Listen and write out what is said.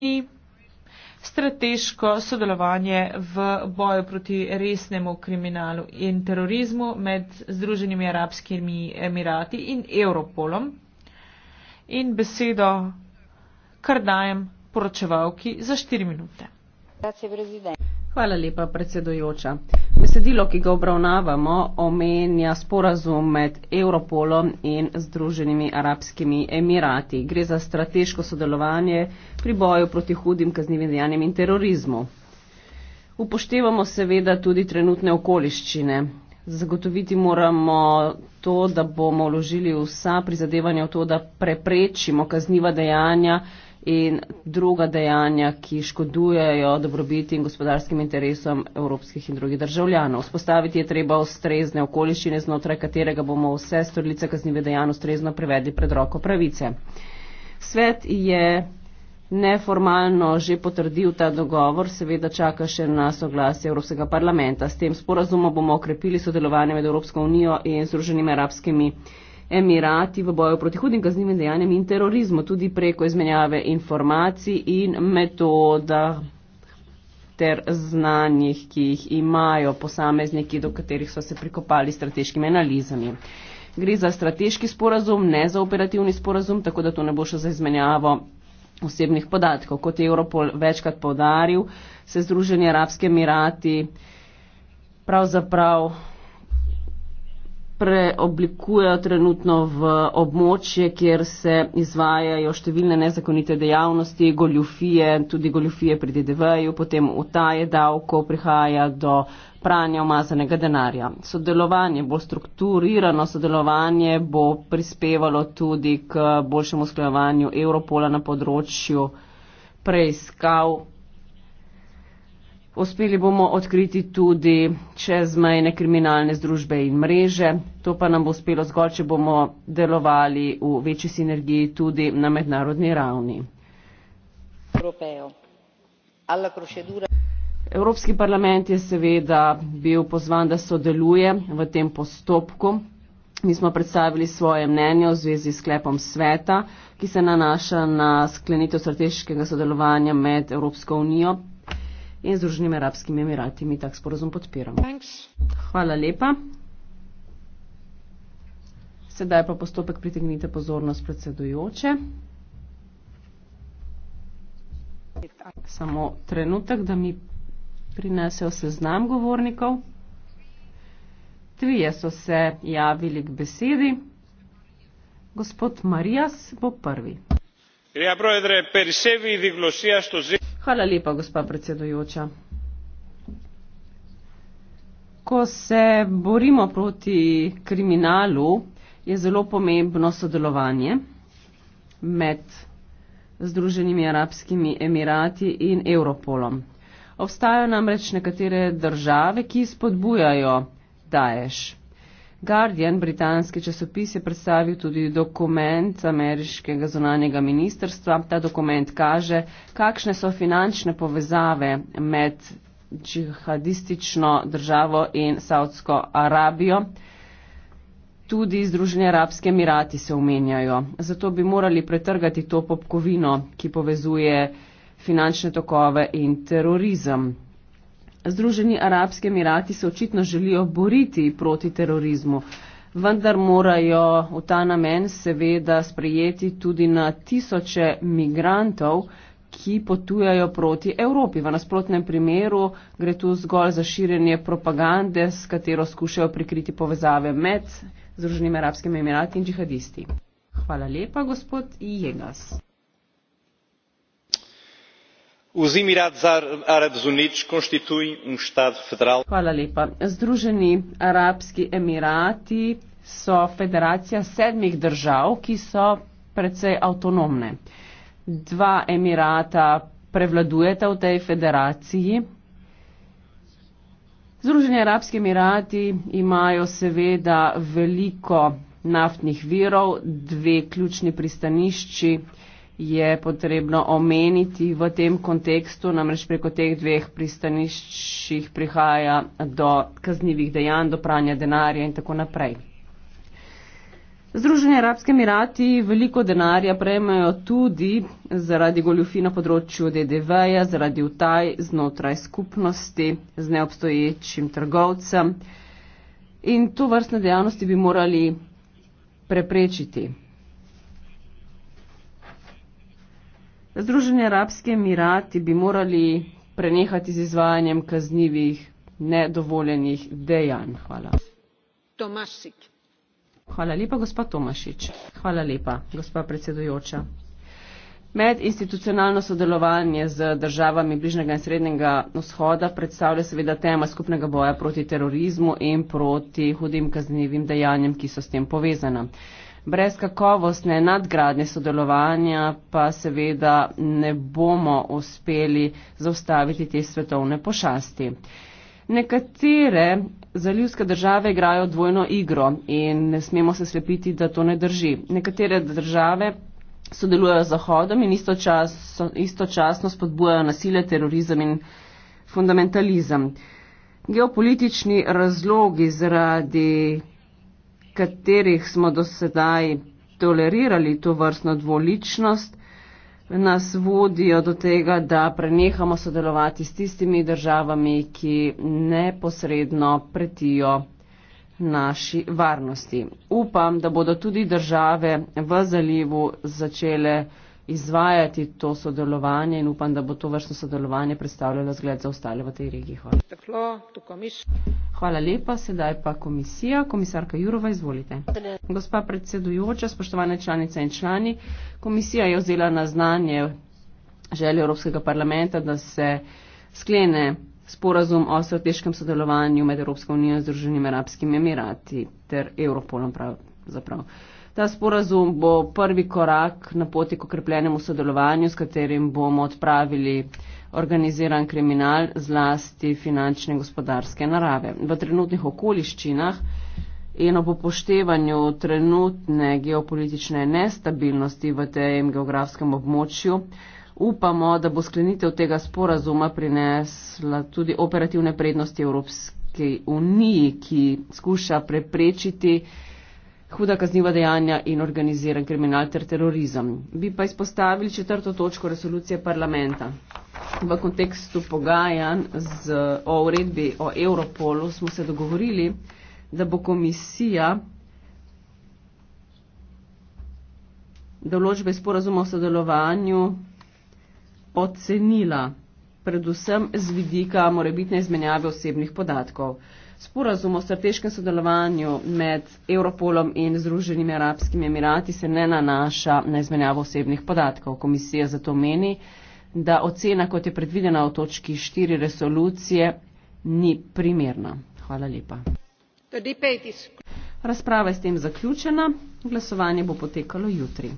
in strateško sodelovanje v boju proti resnemu kriminalu in terorizmu med Združenimi arabskimi emirati in Europolom. In besedo kar dajem poročevalki za štiri minute. Hvala lepa, predsedojoča. Besedilo, ki ga obravnavamo, omenja sporazum med Europolom in Združenimi arabskimi emirati. Gre za strateško sodelovanje pri boju proti hudim kaznivim dejanjem in terorizmu. Upoštevamo seveda tudi trenutne okoliščine. Zagotoviti moramo to, da bomo vložili vsa prizadevanja v to, da preprečimo kazniva dejanja, in druga dejanja, ki škodujejo dobrobiti in gospodarskim interesom evropskih in drugih državljanov. Spostaviti je treba ustrezne okoliščine, znotraj katerega bomo vse storilice kaznive dejanja ustrezno prevedli pred roko pravice. Svet je neformalno že potrdil ta dogovor, seveda čaka še na soglasje Evropskega parlamenta. S tem sporazumom bomo okrepili sodelovanje med Evropsko unijo in Združenimi arabskimi državami Emirati v boju proti hudim kaznjivim dejanjem in terorizmu, tudi preko izmenjave informacij in metoda ter znanjih, ki jih imajo posamezniki, do katerih so se prikopali strateškimi analizami. Gre za strateški sporazum, ne za operativni sporazum, tako da to ne bo šlo za izmenjavo osebnih podatkov. Kot je Europol večkrat povdaril, se Združenje Arabske Emirati pravzaprav preoblikujejo trenutno v območje, kjer se izvajajo številne nezakonite dejavnosti, goljufije, tudi goljufije pri DDV-ju, potem utaje davko, prihaja do pranja omazanega denarja. Sodelovanje bo strukturirano, sodelovanje bo prispevalo tudi k boljšemu sklajevanju Europola na področju preiskav Uspeli bomo odkriti tudi čezmejne kriminalne združbe in mreže. To pa nam bo uspelo zgolj, če bomo delovali v večji sinergiji tudi na mednarodni ravni. Evropski parlament je seveda bil pozvan, da sodeluje v tem postopku. Mi smo predstavili svoje mnenje v zvezi s sklepom sveta, ki se nanaša na sklenitev strateškega sodelovanja med Evropsko unijo in Združenimi arabskimi emirati. Mi tak sporozum podpiramo. Thanks. Hvala lepa. Sedaj pa postopek pritegnite pozornost predsedujoče. Samo trenutek, da mi prinesejo seznam govornikov. Trije so se javili k besedi. Gospod Marijas bo prvi. Ja, brojdre, persevi diglosija stoži. Hvala lepa, gospa predsedujoča. Ko se borimo proti kriminalu, je zelo pomembno sodelovanje med Združenimi arabskimi emirati in Europolom. Obstajajo namreč nekatere države, ki spodbujajo Daesh. Guardian, britanski časopis, je predstavil tudi dokument ameriškega zonanjega ministrstva. Ta dokument kaže, kakšne so finančne povezave med džihadistično državo in Saudsko Arabijo. Tudi Združeni arabski emirati se omenjajo. Zato bi morali pretrgati to popkovino, ki povezuje finančne tokove in terorizem. Združeni arabski emirati se očitno želijo boriti proti terorizmu, vendar morajo v ta namen seveda sprejeti tudi na tisoče migrantov, ki potujajo proti Evropi. V nasprotnem primeru gre tu zgolj za širjenje propagande, s katero skušajo prikriti povezave med Združenimi arabskimi emirati in džihadisti. Hvala lepa, gospod Jegas. Os Emirados Árabes Unidos constituem um Estado federal. Hvala lepa. Združeni Arabski Emirati so federacija sedmih držav, ki so precej avtonomne. Dva Emirata prevladujeta v tej federaciji. Združeni Arabski Emirati imajo seveda veliko naftnih virov, dve ključni pristanišči, je potrebno omeniti v tem kontekstu, namreč preko teh dveh pristaniščih prihaja do kaznjivih dejanj, do pranja denarja in tako naprej. Združeni Arabski Emirati veliko denarja prejmejo tudi zaradi goljufi na področju DDV-ja, zaradi utaj znotraj skupnosti z neobstoječim trgovcem in to vrstne dejavnosti bi morali preprečiti. Združeni arabski emirati bi morali prenehati z izvajanjem kaznjivih nedovoljenih dejanj. Hvala. Tomašik. Hvala lepa, gospa Tomašič. Hvala lepa, gospa predsedujoča. Med institucionalno sodelovanje z državami bližnjega in srednjega vzhoda predstavlja seveda tema skupnega boja proti terorizmu in proti hudim kaznjivim dejanjem, ki so s tem povezana. Brez kakovostne nadgradnje sodelovanja pa seveda ne bomo uspeli zaustaviti te svetovne pošasti. Nekatere zalivske države igrajo dvojno igro in ne smemo se slepiti, da to ne drži. Nekatere države sodelujejo z Zahodom in istočasno, istočasno spodbujajo nasilje, terorizem in fundamentalizem. Geopolitični razlogi zaradi katerih smo do sedaj tolerirali to vrstno dvoličnost, nas vodijo do tega, da prenehamo sodelovati s tistimi državami, ki neposredno pretijo naši varnosti. Upam, da bodo tudi države v zalivu začele izvajati to sodelovanje in upam, da bo to vrstno sodelovanje predstavljalo zgled za ostale v tej regiji. Hvala. Hvala lepa, sedaj pa komisija. Komisarka Jurova, izvolite. Gospa predsedujoča, spoštovane članice in člani, komisija je vzela na znanje želje Evropskega parlamenta, da se sklene sporazum o strateškem sodelovanju med Evropsko unijo in Združenimi arabskimi emirati ter Europolom pravzaprav. Prav. Ta sporazum bo prvi korak na poti k okrepljenemu sodelovanju, s katerim bomo odpravili organiziran kriminal zlasti finančne in gospodarske narave. V trenutnih okoliščinah in ob upoštevanju trenutne geopolitične nestabilnosti v tem geografskem območju upamo, da bo sklenitev tega sporazuma prinesla tudi operativne prednosti Evropske unije, ki skuša preprečiti huda kazniva dejanja in organiziran kriminal ter terorizem. Bi pa izpostavili četrto točko resolucije parlamenta. V kontekstu pogajanj z, o uredbi o Europolu smo se dogovorili, da bo komisija določbe sporazuma o sodelovanju ocenila predvsem z vidika morebitne izmenjave osebnih podatkov. Sporazum o strateškem sodelovanju med Europolom in Združenimi arabskimi emirati se ne nanaša na izmenjavo osebnih podatkov. Komisija zato meni, da ocena, kot je predvidena v točki 4 resolucije, ni primerna. Hvala lepa. Razprava je s tem zaključena. Glasovanje bo potekalo jutri.